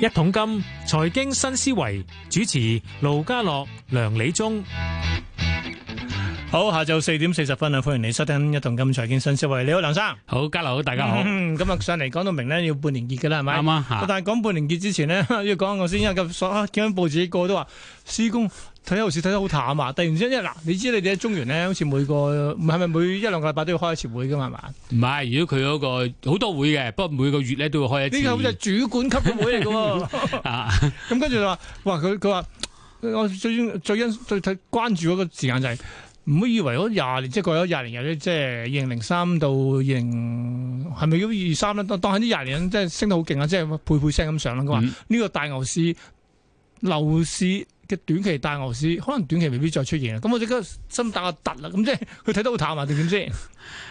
一桶金財經新思維主持盧家樂、梁理中，好，下晝四點四十分啊，歡迎你收聽一桶金財經新思維。你好，梁生，好，家樂好，大家好。咁啊、嗯，今日上嚟講到明咧，要半年結嘅啦，係咪？啱啊。但係講半年結之前咧，要講我先因為，今日報紙個都話施工。睇牛市睇得好淡啊！突然之間，嗱，你知你哋喺中原咧，好似每個唔係咪每一兩個禮拜都要開一次會嘅嘛？唔係，如果佢嗰、那個好多會嘅，不過每個月咧都會開一次。呢個似係主管級嘅會嚟嘅。啊！咁跟住就話，哇！佢佢話，我最最欣最睇關注嗰個時間就係唔好以為嗰廿年即係過咗廿年，或者即係二零零三到二零，係咪要二三咧？當當係呢廿年即係升得好勁啊！即係配配聲咁上啦。佢話呢個大牛市樓市。嘅短期大牛市，可能短期未必再出現，啦。咁我而家心打個突啦，咁即係佢睇得好淡啊定點先？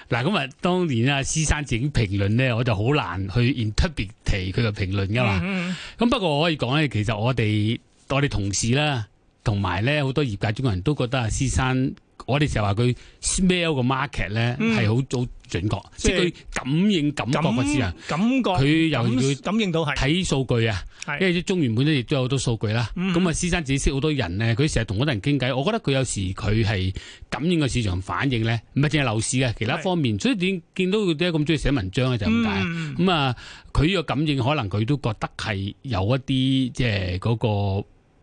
嗱，咁啊，當年啊，師生自己評論咧，我就好難去 interpret 其佢嘅評論噶嘛。咁、嗯嗯嗯、不過我可以講咧，其實我哋我哋同事啦，同埋咧好多業界中國人都覺得啊，師生，我哋成日話佢 smell 個 market 咧係好早。準確，即係佢感應、感覺個市場，感覺佢又要感應到係睇數據啊。因為啲中原本身亦都有好多數據啦。咁啊，施生自己識好多人咧，佢成日同嗰啲人傾偈。我覺得佢有時佢係感應個市場反應咧，唔係淨係樓市嘅，其他方面。所以點見到佢點解咁中意寫文章咧，就係咁解。咁啊，佢呢個感應可能佢都覺得係有一啲即係嗰個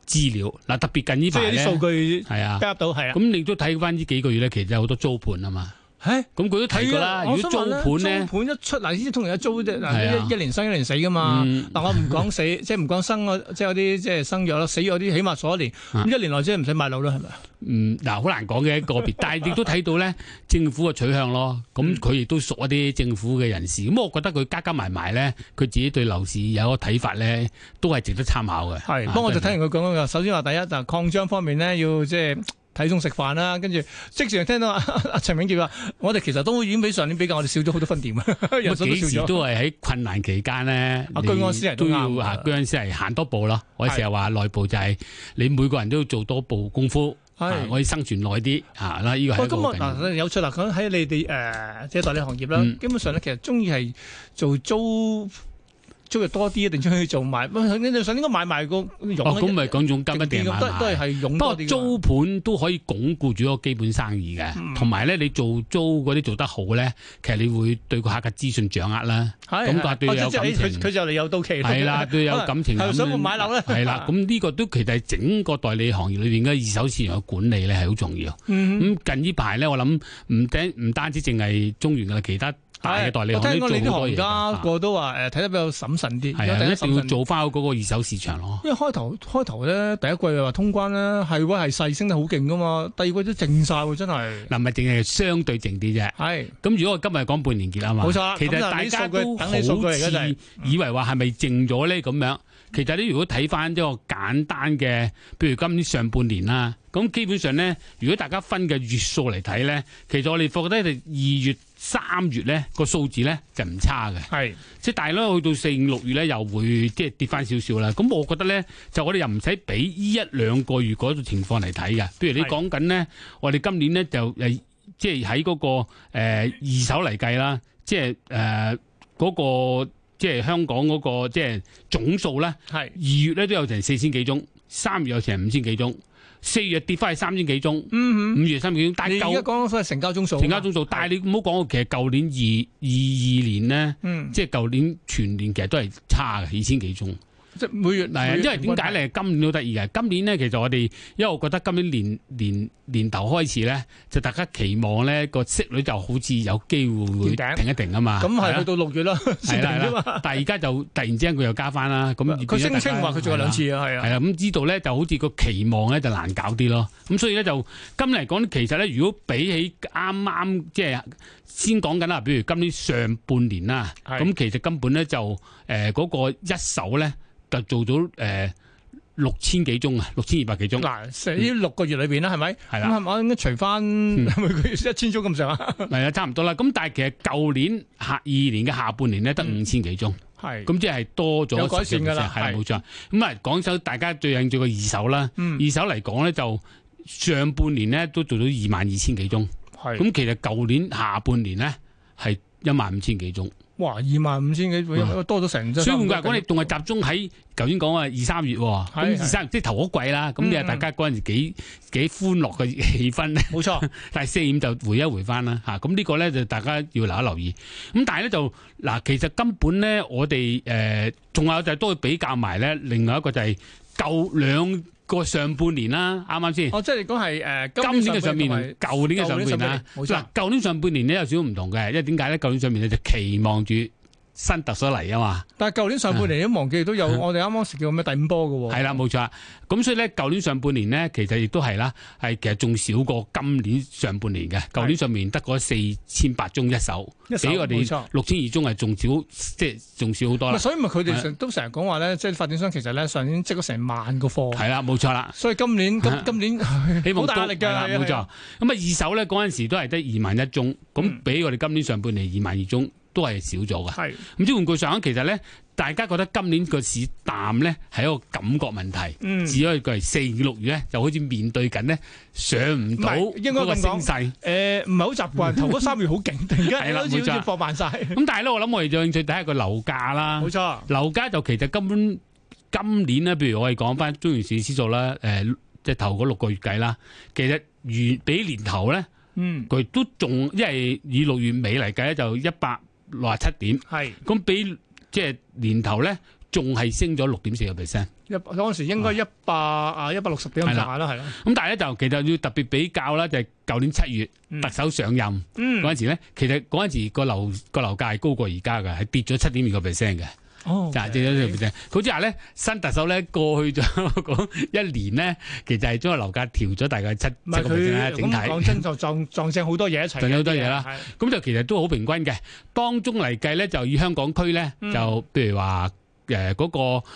資料。嗱，特別近呢排咧，係啊 backup 到係啊。咁你都睇翻呢幾個月咧，其實有好多租盤啊嘛。咁佢都睇噶啦。如果租盤咧，租盤一出嗱，呢啲通常有租啫。嗱，一年生一年死噶嘛。但我唔講死，即係唔講生啊，即係有啲即係生咗咯，死咗啲起碼數一年，一年內即係唔使買樓啦，係咪？嗯，嗱，好難講嘅個別，但係亦都睇到咧，政府嘅取向咯。咁佢亦都熟一啲政府嘅人士。咁我覺得佢加加埋埋咧，佢自己對樓市有個睇法咧，都係值得參考嘅。不過我就聽完佢講啦。首先話第一就擴張方面咧，要即係。睇中食飯啦、啊，跟住即時又聽到阿、啊、阿、啊、陳永傑話，我哋其實都已經比上年比較，我哋少咗好多分店啊。有幾時都係喺困難期間咧，啊、都要啊居安思危，啊、居安思危行多步咯。我成日話內部就係你每個人都做多步功夫是、啊，可以生存耐啲嚇。啦、啊，呢個係個。今日、啊啊、有趣嗱，咁喺你哋誒即係代理行業啦，基本上咧其實中意係做租。租入多啲一定出去做埋？你想應該買埋個佣哦，咁咪講佣金一定係都係佣多啲。不過租盤都可以鞏固住個基本生意嘅，同埋咧，你做租嗰啲做得好咧，其實你會對個客嘅資訊掌握啦。係，咁對有感情。佢就嚟有到期。係啦，都有感情。又想佢買樓咧？係啦，咁呢個都其實係整個代理行業裏邊嘅二手市場嘅管理咧，係好重要。咁近呢排咧，我諗唔頂唔單止淨係中原嘅其他。大嘅代理，我聽講你啲行家個都話誒睇得比較審慎啲，一定要做翻嗰個二手市場咯。因為開頭開頭咧第一季嘅話通關咧係會係細升得好勁㗎嘛，第二季都靜晒喎，真係嗱咪淨係相對靜啲啫。係咁的，如果我今日講半年結啊嘛，冇錯。其實、就是、大家都好似、就是、以為話係咪靜咗咧咁樣，其實你如果睇翻一個簡單嘅，譬如今年上半年啦，咁基本上咧，如果大家分嘅月數嚟睇咧，其實我哋覺覺得係二月。三月咧個數字咧就唔差嘅，係即係大咯。但去到四五六月咧又會即係跌翻少少啦。咁我覺得咧就我哋又唔使畀依一兩個月嗰種情況嚟睇嘅。譬如你講緊咧，是我哋今年咧就誒即係喺嗰個、呃、二手嚟計啦，即係誒嗰個即係香港嗰、嗰個即係總數咧，係二是月咧都有成四千幾宗，三月有成五千幾宗。四月跌翻去三千幾宗，五月三千幾宗。但係你而家講緊所謂成交宗數，成交宗數。但係你唔好講，是的 其實舊年二二二年咧，嗯、即係舊年全年其實都係差嘅，二千幾宗。即係每月嚟，因為點解咧？今年都得意嘅，今年咧，其實我哋因為我覺得今年年年年頭開始咧，就大家期望咧個息率就好似有機會會停一停啊嘛。咁係去到六月啦，先停啫嘛。但係而家就突然之間佢又加翻啦。咁佢聲稱話佢仲有兩次啊，係啊。係啊，咁知道咧就好似個期望咧就難搞啲咯。咁所以咧就今年嚟講，其實咧如果比起啱啱即係先講緊啦，比如今年上半年啦，咁其實根本咧就誒嗰個一手咧。就做咗誒六千幾宗啊，六千二百幾宗嗱，成呢六個月裏邊啦，係咪？係啦，咁係咪？應該除翻佢一千宗咁上啊？係啊，差唔多啦。咁但係其實舊年下二年嘅下半年咧，得五千幾宗，係咁即係多咗有改善噶啦，係冇錯。咁啊，講首大家最興趣個二手啦，二手嚟講咧就上半年咧都做到二萬二千幾宗，係咁其實舊年下半年咧係一萬五千幾宗。哇！二萬五千幾，多咗成張，所以換句話講，你仲係集中喺頭先講啊，二三月，咁二三即係頭好貴啦。咁你啊，大家嗰陣時幾幾歡樂嘅氣氛咧？冇錯，但係四五就回一回翻啦嚇。咁、啊、呢、這個咧就大家要留一留意。咁但係咧就嗱，其實根本咧，我哋誒仲有就係都要比較埋咧，另外一個就係、是、夠兩。個上半年啦，啱啱先，哦，即係講係誒，今年嘅上半年，舊年嘅上半年啦。嗱，舊年上半年咧有少少唔同嘅，因為點解咧？舊年上半年就期望住。新特首嚟啊嘛，但係舊年上半年都忘記都有，我哋啱啱叫咩第五波㗎喎。係啦，冇錯。咁所以咧，舊年上半年呢，其實亦都係啦，係其實仲少過今年上半年嘅。舊年上面得嗰四千八宗一手，俾我哋六千二宗係仲少，即係仲少好多啦。所以咪佢哋都成日講話咧，即係發展商其實咧上年積咗成萬個貨。係啦，冇錯啦。所以今年今今年希望好大壓力㗎，冇錯。咁啊二手咧嗰陣時都係得二萬一宗，咁俾我哋今年上半年二萬二宗。都係少咗㗎。咁即係換句上，其實咧，大家覺得今年個市淡咧，係一個感覺問題。只可以佢四五六月咧，月就好似面對緊咧上唔到嗰個升勢，誒，唔係好習慣。 頭嗰三月好勁，突然間你好似好似好似放慢晒。咁錯但係咧，我諗我哋最最第一個樓價啦。冇錯，樓價就其實根本今年咧，譬如我哋講翻中原市指數啦，誒，即係頭嗰六個月計啦，其實與比年頭咧，佢都仲因為以六月尾嚟計咧，就一百。六十七點，係咁是比即係、就是、年頭咧，仲係升咗六點四個 percent。一嗰陣時應該一百啊一百六十點咁上下啦，咁的的但係咧就其實要特別比較啦，就係、是、舊年七月、嗯、特首上任嗰陣、嗯、時咧，其實嗰陣時個樓個樓價係高過而家嘅，係跌咗七點二個 percent 嘅。哦，之、嗯，下正咧，新特首咧過去咗一年咧，其實係將個樓價調咗大概七七個 percent 整體。咁講真就撞撞正好多嘢一齊。撞咗好多嘢啦，咁就 其實都好平均嘅。當中嚟計咧，就以香港區咧，就譬如話誒嗰個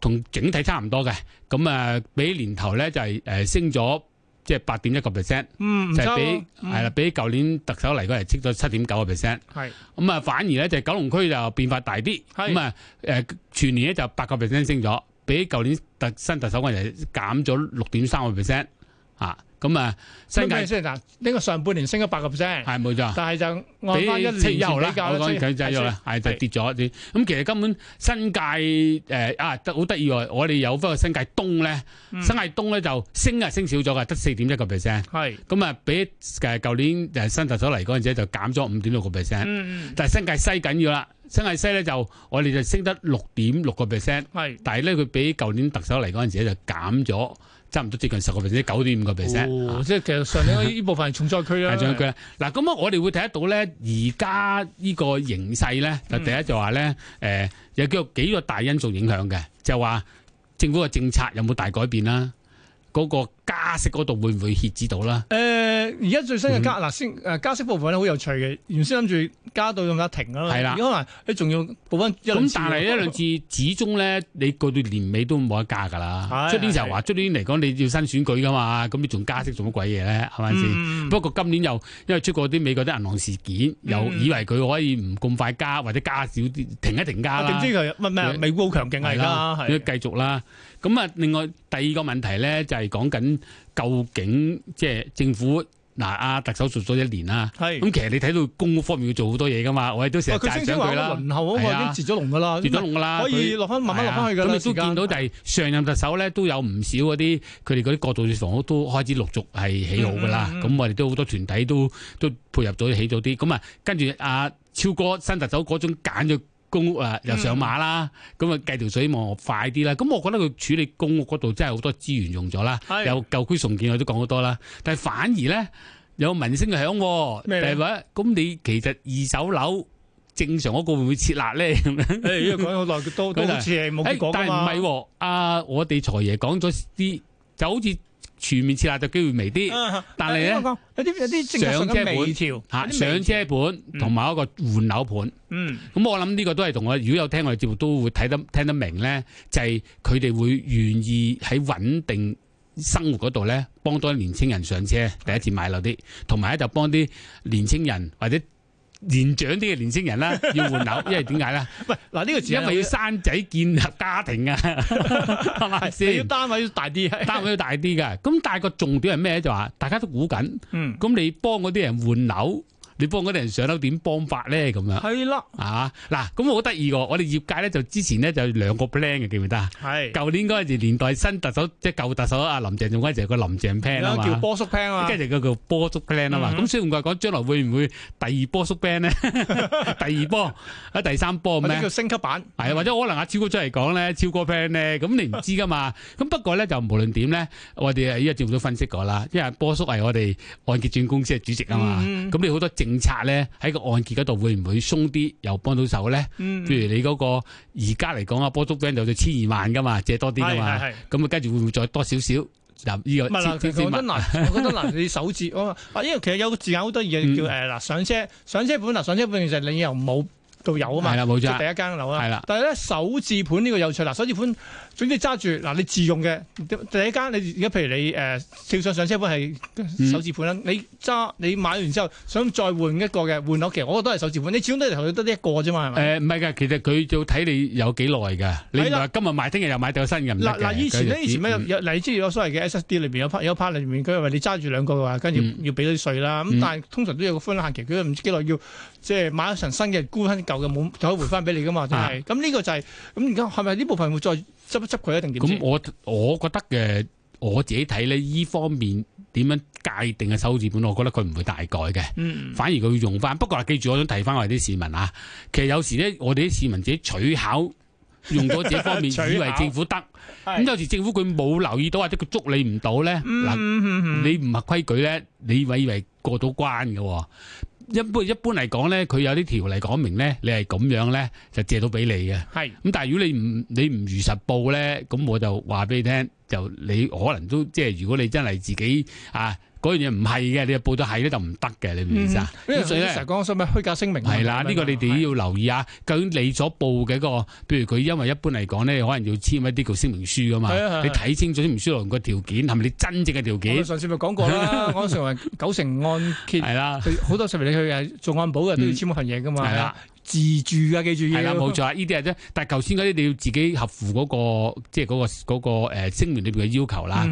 同、呃、整體差唔多嘅，咁啊比年頭咧就係誒升咗。即係八點一個 percent，就、嗯、就比係啦、嗯，比舊年特首嚟嗰日升咗七點九個 percent。係咁啊，反而咧就九龍區就變化大啲。咁啊是，誒、嗯、全年咧就八個 percent 升咗，比舊年特新特首嗰日減咗六點三個 percent 嚇。嗯咁啊，新界先嗱，呢個上半年升咗八個 percent，係冇錯。但係就按翻一年比較咧，係就跌咗啲。咁其實根本新界誒啊，好得意喎！我哋有返個新界東咧，新界東咧就升啊，升少咗㗎，得四點一個 percent。係咁啊，比誒舊年誒新特首嚟嗰陣時就減咗五點六個 percent。但係新界西緊要啦，新界西咧就我哋就升得六點六個 percent。係，但係咧佢比舊年特首嚟嗰陣時就減咗。差唔多接近十個 percent，九點五個 percent。哦，即係其實上年呢部分係重災區啦。 重災區啦。嗱， 咁啊，我哋會睇得到咧，而家呢個形勢咧，就第一就話咧，誒、呃、有幾個幾個大因素影響嘅，就話政府嘅政策有冇大改變啦。嗰個加息嗰度會唔會遏制到咧？誒，而家最新嘅加嗱，先誒加息部分咧，好有趣嘅，原先諗住加到咁樣停噶啦，而家話你仲要補翻一兩次。咁但係一兩次始終咧，你過到年尾都冇得加噶啦。出年時候話出年嚟講你要新選舉噶嘛，咁你仲加息做乜鬼嘢咧？係咪先？不過今年又因為出過啲美國啲銀行事件，又以為佢可以唔咁快加或者加少啲停一停加。點知佢唔美股好強勁啊，而家係繼續啦。咁啊，另外第二個問題咧，就係講緊究竟即係政府嗱，阿特首做咗一年啦，咁是其實你睇到公屋方面要做好多嘢噶嘛，我哋都成日帶上對啦。佢升升輪候已經截咗龍噶啦，截咗龍噶啦，可以落翻他慢慢落翻去噶啦。咁、啊、間你都見到係上任特首咧都有唔少嗰啲佢哋嗰啲過渡房屋都開始陸續係起好噶啦，咁、嗯嗯嗯、我哋都好多團體都都配合咗起咗啲，咁啊跟住阿超哥新特首嗰種簡約。公屋啊，又上馬啦，咁啊、嗯、計條水望快啲啦，咁我覺得佢處理公屋嗰度真係好多資源用咗啦，是有舊區重建我都講好多啦，但係反而咧有民聲嘅響，係咪？咁你其實二手樓正常嗰個會唔會設立咧？咁樣、欸，如果講內地多都好似係冇講㗎但係唔係喎？我哋財爺講咗啲就好似。全面撤辣嘅機會微啲，嗯、但係咧、嗯、有啲有啲上車盤，嚇上車盤同埋一個換樓盤。嗯，咁、嗯、我諗呢個都係同我如果有聽我哋節目都會睇得聽得明咧，就係佢哋會願意喺穩定生活嗰度咧幫多啲年青人上車，第一次買樓啲，同埋咧就幫啲年青人或者。年長啲嘅年青人啦， 要換樓，因為點解咧？唔嗱呢個，因為要生仔建立家庭啊，係咪先？ 要單位要大啲，單位要大啲噶。咁 但係個重點係咩？就話大家都估緊，咁 你幫嗰啲人換樓。你幫嗰啲人上樓點幫法咧？咁樣係啦，啊嗱，咁好得意喎！我哋業界咧就之前咧就兩個 plan 嘅，記唔記得？係舊年嗰陣時年代新特首即係舊特首阿林鄭，仲嗰時叫個林鄭 plan 啊嘛，叫波叔 plan 啊嘛，跟住佢叫波叔 plan 啊嘛。咁所以唔怪講，將來會唔會第二波叔 plan 咧？第二波，喺第三波咩？叫升級版係，或者可能阿超哥出嚟講咧，超哥 plan 咧，咁你唔知噶嘛。咁不過咧就無論點咧，我哋依家節目都分析過啦，因為波叔係我哋按揭轉公司嘅主席啊嘛，咁你好多政政策咧喺個按揭嗰度會唔會鬆啲，又幫到手咧？嗯、譬如你嗰、那個而家嚟講啊，波足 band 就千二萬噶嘛，借多啲噶嘛，咁啊跟住會唔會再多少少？嗱，呢個千千二萬，我覺得嗱 ，你首置啊嘛，啊，因為其實有個字眼好多嘢叫誒，嗱、呃，上車，上車盤啊，上車盤其實你由冇到有啊嘛，係啦，冇就第一間樓啦，係啦，但係咧，首置盤呢個有趣，嗱，首置盤。總之揸住嗱，你自用嘅第一間，你而家譬如你誒，要、呃、想上，上車盤係首置盤啦，嗯、你揸你買完之後想再換一個嘅換樓期，我覺得都係首置盤。你始終都係同佢得一個啫嘛，係咪？誒唔係㗎，其實佢要睇你有幾耐㗎。的你今日買，聽日又買到新嘅嗱嗱，以前咧，嗯、以前咧，有，有你知有所謂嘅 S S D 裏邊有 part 有 part 裏面，佢話你揸住兩個嘅話，跟住要俾咗啲稅啦。咁、嗯、但係通常都有個寬限期，佢唔知幾耐要即係、就是、買咗層新嘅，沽翻舊嘅冇就可以回翻俾你㗎嘛？真係咁呢個就係咁而家係咪呢部分會再？執一執佢一定點？咁我我覺得嘅，我自己睇咧，呢方面點樣界定嘅手字本，我覺得佢唔會大改嘅。嗯，反而佢會用翻。不過記住，我想提翻我哋啲市民啊。其實有時咧，我哋啲市民自己取巧用咗自己方面， 巧以為政府得。咁是有時政府佢冇留意到，或者佢捉你唔到咧。嗱，你唔合規矩咧，你以為以為過到關嘅？一般一般嚟講咧，佢有啲條例講明咧，你係咁樣咧，就借到俾你嘅。係是，咁但係如果你唔你唔如實報咧，咁我就話俾你聽，就你可能都即係如果你真係自己啊。嗰樣嘢唔係嘅，你報到係咧就唔得嘅，你明唔明先？因為上次成日講嗰啲咩虛假聲明，係啦、嗯，呢個以你哋要留意下，的究竟你所報嘅、那個，譬如佢因為一般嚟講咧，可能要簽一啲個聲明書噶嘛。的你睇清楚聲明書個條件係咪你真正嘅條件？我上次咪講過啦， 我嗰時係九成按揭，係啦 的，好多時你去做按保嘅都要簽一份嘢噶嘛。嗯自住啊，記住要係啦，冇錯啊！呢啲係啫，但係頭先嗰啲你要自己合符嗰個，即係嗰個嗰個誒聲明裏邊嘅要求啦。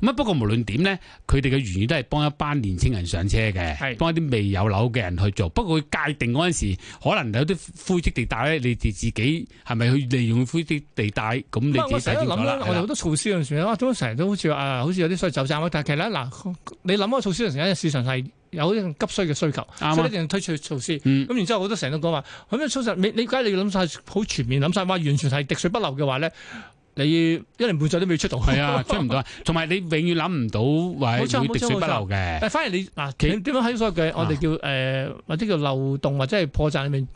咁啊，不過無論點咧，佢哋嘅原意都係幫一班年青人上車嘅，幫一啲未有樓嘅人去做。不過佢界定嗰陣時，可能有啲灰色地帶，你哋自己係咪去利用灰色地帶咁？你自己成日都諗咧，我哋好多措施嘅時候咧，成日都好似啊，好似有啲衰走站。但係其實嗱，你諗個措施嘅時候咧，市場係。有啲急需嘅需求，做、啊、一定推出措施。咁、嗯、然之後，會會好多成日都講話，咁樣其實你你而家你諗晒好全面好，諗晒話完全係滴水不漏嘅話咧，你一年半載都未出到係啊，出唔 到。同埋你永遠諗唔到話會滴水不漏嘅。但係反而你嗱，點樣喺所謂嘅，我哋叫誒、呃、或者叫漏洞或者係破綻裏面。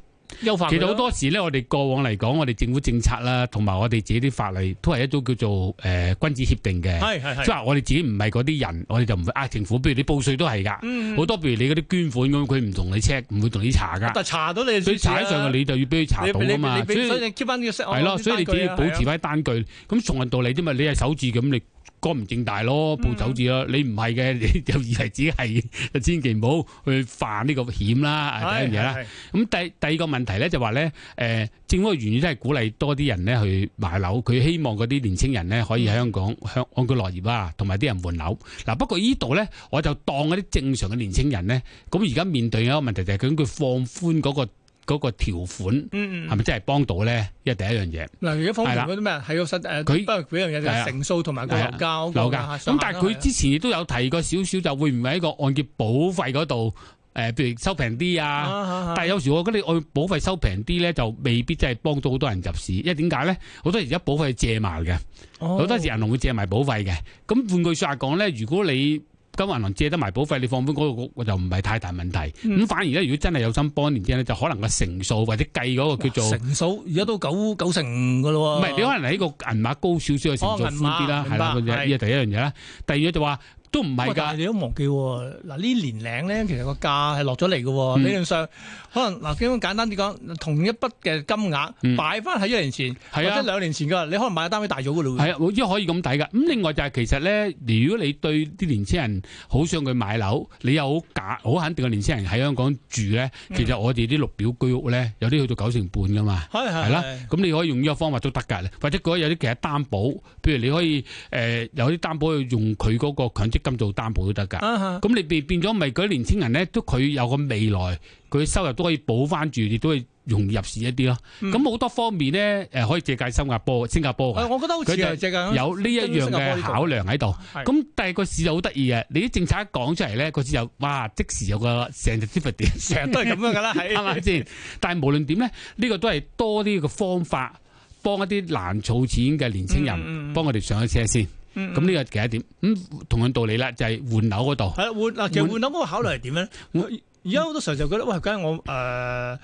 其實好多時咧，我哋過往嚟講，我哋政府政策啦，同埋我哋自己啲法例，都係一種叫做誒、呃、君子協定嘅，即係話我哋自己唔係嗰啲人，我哋就唔會壓政府。譬如你報稅都係噶，好、嗯、多，譬如你嗰啲捐款咁，佢唔同你 check，唔會同你查噶。但查到你，啊、所以實際上你就要俾佢查到啊嘛。所以係咯以，所以你只要保持翻單據，咁從的人道理啫嘛，你係守住咁你。干唔正大咯，暴走住咯！你唔係嘅，你就以為只係就，千祈唔好去犯呢個險啦，第一樣嘢啦。咁、哎嗯、第第二個問題咧就話咧，誒、呃、政府嘅原意都係鼓勵多啲人咧去買樓，佢希望嗰啲年青人咧可以喺香港香安居樂業啊，同埋啲人換樓。嗱、啊、不過依度咧，我就當一啲正常嘅年青人咧，咁而家面對一個問題就係佢佢放寬嗰、那個。嗰個條款，係咪、嗯嗯、真係幫到咧？因為第一樣嘢，嗱，如果方啲咩係個實佢不如幾樣嘢就成數同埋個樓價嘅。咁但係佢之前亦都有提過少少，就會唔會喺個按揭保費嗰度誒，譬如收平啲啊？啊但係有時我覺得你按保費收平啲咧，就未必真係幫到好多人入市，因為點解咧？好多時而家保費借埋嘅，好、哦、多時銀行會借埋保費嘅。咁換句説話講咧，如果你咁還能借得埋保費，你放翻嗰個就唔係太大問題。咁、嗯、反而咧，如果真係有心幫年之後咧，就可能個成數或者計嗰個叫做成數，而家都九九成噶咯、啊。唔係，你可能喺個銀碼高少少嘅成數啲啦，係啦、哦。呢係第一樣嘢啦。是第二就話、是。都唔係㗎，你都忘記喎。嗱呢年齡咧，其實個價係落咗嚟嘅。理論、嗯、上可能嗱，咁簡單啲講，同一筆嘅金額擺翻喺一年前，嗯、或者兩年前㗎，啊、你可能買嘅單位大咗㗎咯。係啊，亦可以咁睇㗎。咁另外就係、是、其實咧，如果你對啲年青人好想佢買樓，你又好假好肯定嘅年青人喺香港住咧，其實我哋啲綠表居屋咧，有啲去到九成半㗎嘛。係係。咁你可以用呢個方法都得㗎，或者嗰有啲其實擔保，譬如你可以誒、呃呃、有啲擔保去用佢嗰個強積。咁做擔保都得噶，咁你變變咗咪嗰啲年青人咧，都佢有個未來，佢收入都可以補翻住，亦都可以容易入市一啲咯。咁好多方面咧，誒可以借介新加坡、新加坡，我覺得佢就有呢一樣嘅考量喺度。咁但係個市就好得意嘅，你啲政策一講出嚟咧，個市就，哇即時有個成隻跌幅點，成日都係咁樣噶啦，係咪先？但係無論點咧，呢個都係多啲嘅方法，幫一啲難儲錢嘅年青人，幫我哋上咗車先。咁呢個幾多點？咁、嗯、同樣道理啦，就係換樓嗰度。係換嗱，其實換樓嗰個考慮係點咧？換我而家好多時候就覺得，喂、哎，梗係我誒。呃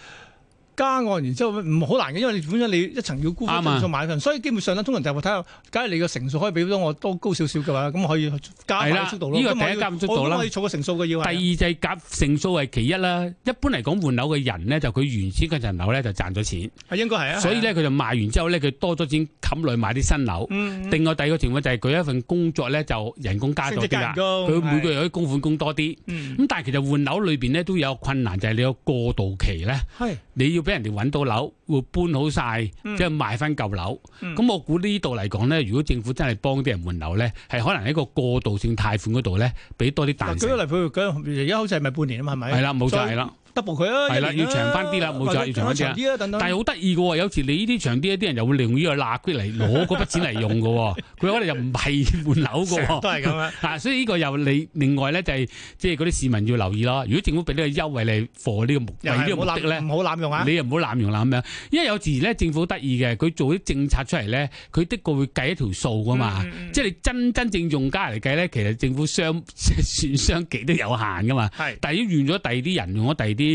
加按，然之後唔好難嘅，因為你本身你一層要估數先再買一份，所以基本上咧，通常就係睇下，假如你嘅成數可以俾到我多高少少嘅話，咁可以夾翻啲息度咯。咁出我啦。我哋錯個成數嘅要。第二就係夾成數係其一啦。一般嚟講，換樓嘅人咧，就佢原先嘅層樓咧就賺咗錢。啊，應該係啊。所以咧，佢就賣完之後咧，佢多咗錢冚嚟買啲新樓。另外第二個情況就係佢一份工作咧就人工加咗啲，佢每個月可以供款供多啲。咁但係其實換樓裏邊咧都有困難，就係你個過渡期咧，係你要。俾人哋揾到樓，會搬好晒，即係賣翻舊樓。咁、嗯嗯、我估呢度嚟講咧，如果政府真係幫啲人換樓咧，係可能喺個過渡性貸款嗰度咧，俾多啲大。舉個例佢，而家好似係咪半年啊？係咪？係啦，冇錯係啦。得補佢啊！係啦，要長翻啲啦，冇錯，要長翻啲啊！但係好得意嘅喎，有時你呢啲長啲啲人又會利用呢個垃嚟攞嗰筆錢嚟用嘅喎，佢可能又唔係換樓嘅喎，都係咁樣啊！所以呢個又你另外咧就係即係嗰啲市民要留意咯。如果政府俾呢個優惠你貨呢個目的，呢個唔好濫用啊！你又唔好濫用啦咁樣，因為有時咧政府得意嘅，佢做啲政策出嚟咧，佢的確會計一條數噶嘛，即係你真真正用家嚟計咧，其實政府雙損雙極都有限噶嘛。係，但係如果用咗第二啲人用咗第二啲。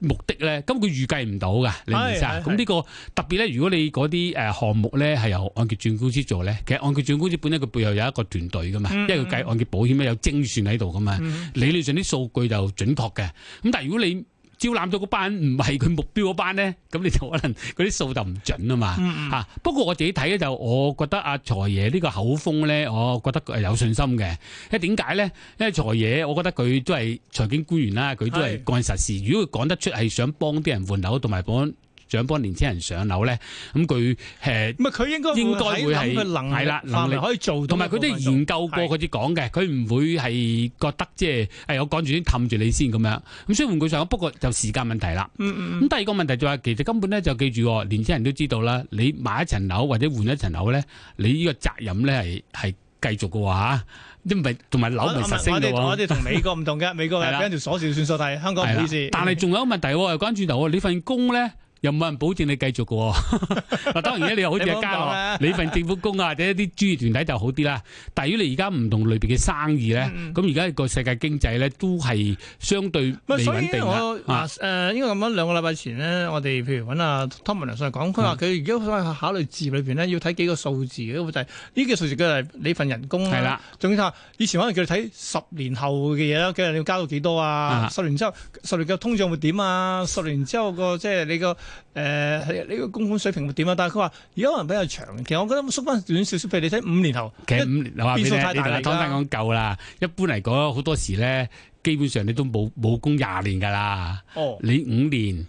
目的咧，咁佢預計唔到㗎，李先生。咁呢是、呢個特別咧，如果你嗰啲誒項目咧係由按揭轉公司做咧，其實按揭轉公司本身佢背後有一個團隊噶嘛，嗯嗯因為佢計按揭保險咧有精算喺度噶嘛，嗯嗯理論上啲數據就準確嘅。咁但係如果你招攬咗嗰班唔係佢目標嗰班咧，咁你就可能嗰啲數就唔準嘛、嗯、啊嘛嚇。不過我自己睇咧，就我覺得阿財爺呢個口風咧，我覺得係有信心嘅。因為點解咧？因為財爺，我覺得佢都係財經官員啦，佢都係幹實事。的如果佢講得出係想幫啲人換樓同埋盤。想幫年青人上樓咧，咁佢誒，唔係佢應該應該會係，係啦，能力，的能力可以做到。同埋佢都研究過佢啲講嘅，佢唔對 的會係覺得即係誒，我趕住先氹住你先咁樣。咁所以換句上，不過就時間問題啦。咁、嗯嗯、第二個問題就係、是、其實根本咧就記住，年青人都知道啦，你買一層樓或者換一層樓咧，你呢個責任咧係係繼續嘅話，因為同埋樓唔實升嘅。我哋、呃、同 美國唔同嘅， 美國係跟住鎖住算數睇，香港唔好意思。但係仲有個問題喎，又關轉頭喎，你份工咧？又冇人保證你繼續嘅喎。當然你又好似阿嘉樂，你份政府工啊，或者一啲專業團體就好啲啦。但係你而家唔同類別嘅生意咧，咁而家個世界經濟咧都係相對未穩定。啊，誒，應該咁講，兩個禮拜前呢，嗯、我哋譬如揾阿湯文亮上嚟講，佢話佢而家想考慮字裏邊呢要睇幾個數字嘅本質。呢、就係、幾個數字嘅係你份人工啦。係啦。仲要以前可能叫你睇十年後嘅嘢啦，究竟你要加到幾多啊？嗯、十年之後，十年嘅通脹會點啊？十年之後個即係你個。誒，呢、呃這個供款水平會點啊？但係佢話而家可能比較長，其實我覺得縮翻短少少，譬如你睇五年後，其實五年一變數太大啦。你講真講夠啦，一般嚟講好多時咧，基本上你都冇冇供廿年噶啦。哦，你五年，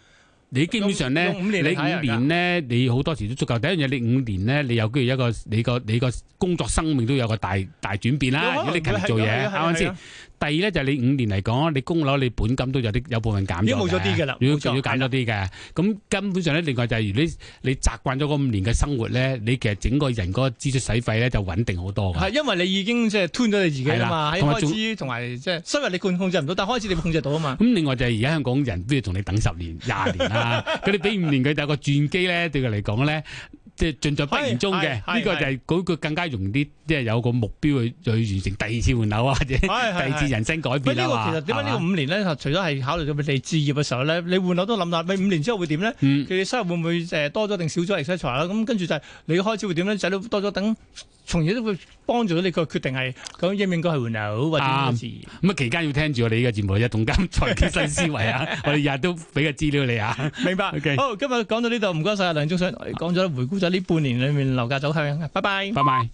你基本上咧，五你五年咧，在你好多時都足夠。第一樣嘢，你五年咧，你有基於一個你個你個工作生命都有個大大，大轉變啦。嗯、如果你勤力做嘢，啱啱先？嗯嗯嗯嗯嗯嗯嗯嗯第二咧就係、你五年嚟講，你供樓你本金都有啲有部分減咗，如果冇咗啲嘅啦，仲了要，要減咗啲嘅，咁錯根本上咧，另外就係如果你你習慣咗個五年嘅生活咧，你其實整個人個支出使費咧就穩定好多嘅。係因為你已經即係吞咗你自己啊嘛，喺開始同埋即係雖然你控制唔到，但係開始你控制到啊嘛。咁 另外就係而家香港人都要同你等十年廿年啦、啊，佢哋俾五年佢就有個轉機咧，對佢嚟講咧。即係盡在不言中嘅，呢個就係嗰句更加容易啲，即係有個目標去去完成第二次換樓或者第二次人生改變呢話個，其實點解呢個五年咧，除咗係考慮咗你置業嘅時候咧，你換樓都諗下，咪五年之後會點咧？佢哋收入會唔會誒多咗定少咗 extra 啦？咁跟住就係你嘅開支會點咧？仔女多咗等。從而都會幫助到你個決定係咁應唔應該換樓或者點事。咁啊期間要聽住我哋呢個節目一同監進新思維啊！ 我哋日日都俾個資料你啊。明白。Okay. 好，今日講到呢度，唔該曬梁理中講咗，回顧咗呢半年裏面樓價走向。拜拜，拜拜。